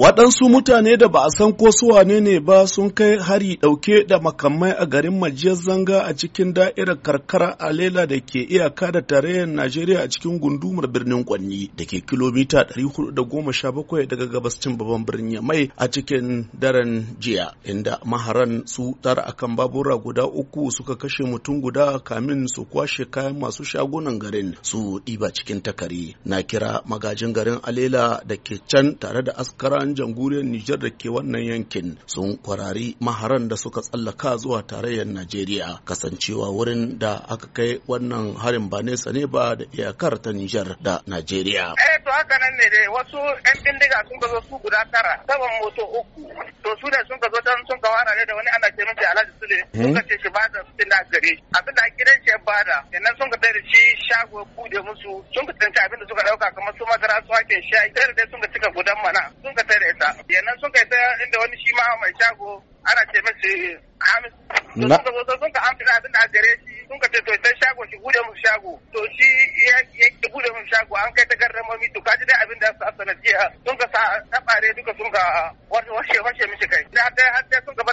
Waɗansu mutane da ba a san ko su wane ne ba sun kai hari ɗauke da makamai a garin majiyar zanga a cikin da'irar karkara a lela da ke iyaka da tarayyar Najeriya a cikin gundumar birnin Kwanni da ke kilomita 417 daga gabascin babban birnin Mai a cikin daren jiya inda maharan su tara akan babura guda uku suka kashe mutum guda kamin su kwashe kayan masu shagunan garin su ɗiba cikin takari na kira magajin garin Alela da ke can tare da askara 'yan jamhuriyar Nijar da ke wannan yankin sun kwarari maharan da suka tsallaka zuwa tarayyar Najeriya kasancewa wurin da aka kai wannan harin ba nesa ne ba da iyakar ta Nijar da Najeriya. Eh to haka nan ne dai wasu 'yan bindiga sun zo su guda tara moto uku to su sun zo don sun Eh? suka shi ba da suna gare shi abin da gidan shi ya bada sannan sun ka da shi shago bude musu sun ka tsanci abin da suka dauka kamar su madara su hakin shayi tare da sun ka cika gudan mana sun ka tare ita sannan sun ka inda wani shi ma mai shago ana ce mace hamis na sun ka amfani abin da gare shi sun ka ce to sai shago shi bude musu shago to shi ya bude musu shago an kai ta takardar mami to kaji dai abin da su asana jiya sun ka sa tabare duka sun ka washe washe mishi kai da har dai sun ka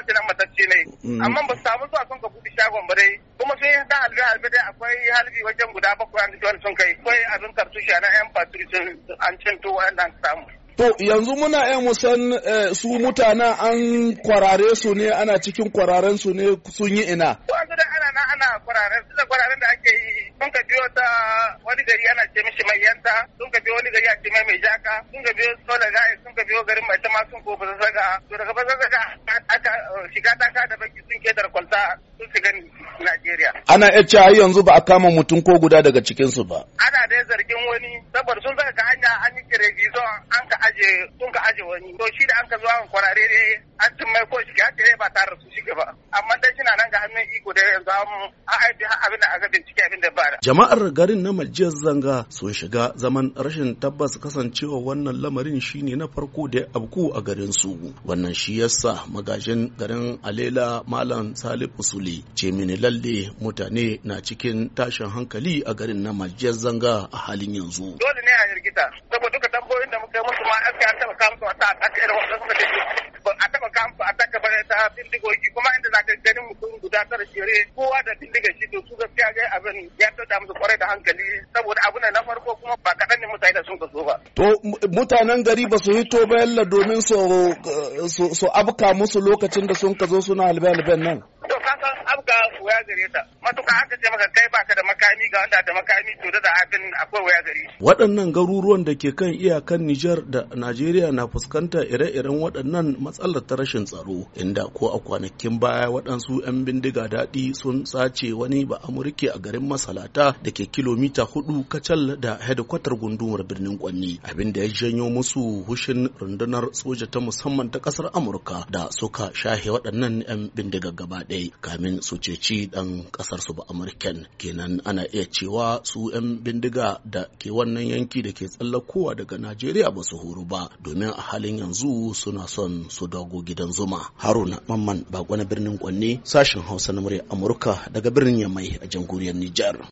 ce ne mm. amma ba samu zuwa sun ka buɗe shagon ba dai kuma sun yi dan halbe halbe dai akwai halbi wajen guda bakwai an jiwa sun kai akwai abin kartushe na yan sun an cinto wa'anda an samu. To yanzu muna yan musan eh, su mutanen an kwarare su ne ana cikin kwararen su ne sun yi ina. Ko an ana ana kwararen su da kwararen da ake yi sun ka biyo ta wani gari ana ce mishi mai yanta sun ka biyo wani gari a ce mai mai jaka sun ka biyo sola gaya sun ka biyo garin mai tama sun ko ba zaga to daga ba zaga aka shiga ta ka da baki sun ke dar kwalta sun shiga Najeriya ana iya cewa yanzu ba a kama mutum ko guda daga cikin su ba ana dai zargin wani saboda sun zaga hanya an yi kiregizo an ka aje sun ka aje wani to shi da an ka zo an kwarare ne an cin mai ko shiga dai ba tare da su shiga ba amma dai shi na nan ga hannun iko da yanzu an abin da aka bincike abin da ba Jama'ar garin na Majiyar Zanga sun shiga zaman rashin tabbas kasancewa wannan lamarin shine na farko da ya abku a garin su. Wannan shi yasa magajin garin Alela Malam Salif Usuli ce mini lalle mutane na cikin tashin hankali a garin na Majiyar Zanga a halin yanzu. Dole ne a hirgita saboda duka tambayoyin da muka yi musu ma aska an taɓa kamusu a ta a irin wannan suka a taɓa kamusu a ta ta bindigogi kuma inda za ka ganin mutum guda tara shere kowa da bindiga shi to su abin ya da musu kwarai da hankali saboda na farko kuma ba kaɗan ne mutane sun mutanen gari ba su hito ba yalla domin su abka musu lokacin da sun kazo suna halbe-halben nan. To kasan abka wuya gare ta matuka aka ce maka kai baka da makami ga wanda da makami to da abin akwai wuya gare shi waɗannan garuruwan da ke kan iyakan Nijar da Najeriya na fuskanta ire-iren waɗannan matsalar ta rashin tsaro inda ko a kwanakin baya waɗansu 'yan bindiga daɗi sun sace wani ba amurke a garin masalata da ke kilomita hudu kacal da hedikwatar gundumar birnin kwanni abin da ya janyo musu hushin rundunar soja ta musamman ta ƙasar amurka da suka shahe waɗannan 'yan bindiga gaba ɗaya kamin su ceci shi ɗan ƙasar su ba amurken kenan ana iya cewa su 'yan bindiga da ke wannan yanki da ke tsallakowa daga najeriya ba su horo ba domin a halin yanzu suna son su dago gidan zuma haruna mamman bakwai na birnin kwanne sashen hausa na murya amurka daga birnin yamai a jamhuriyar nijar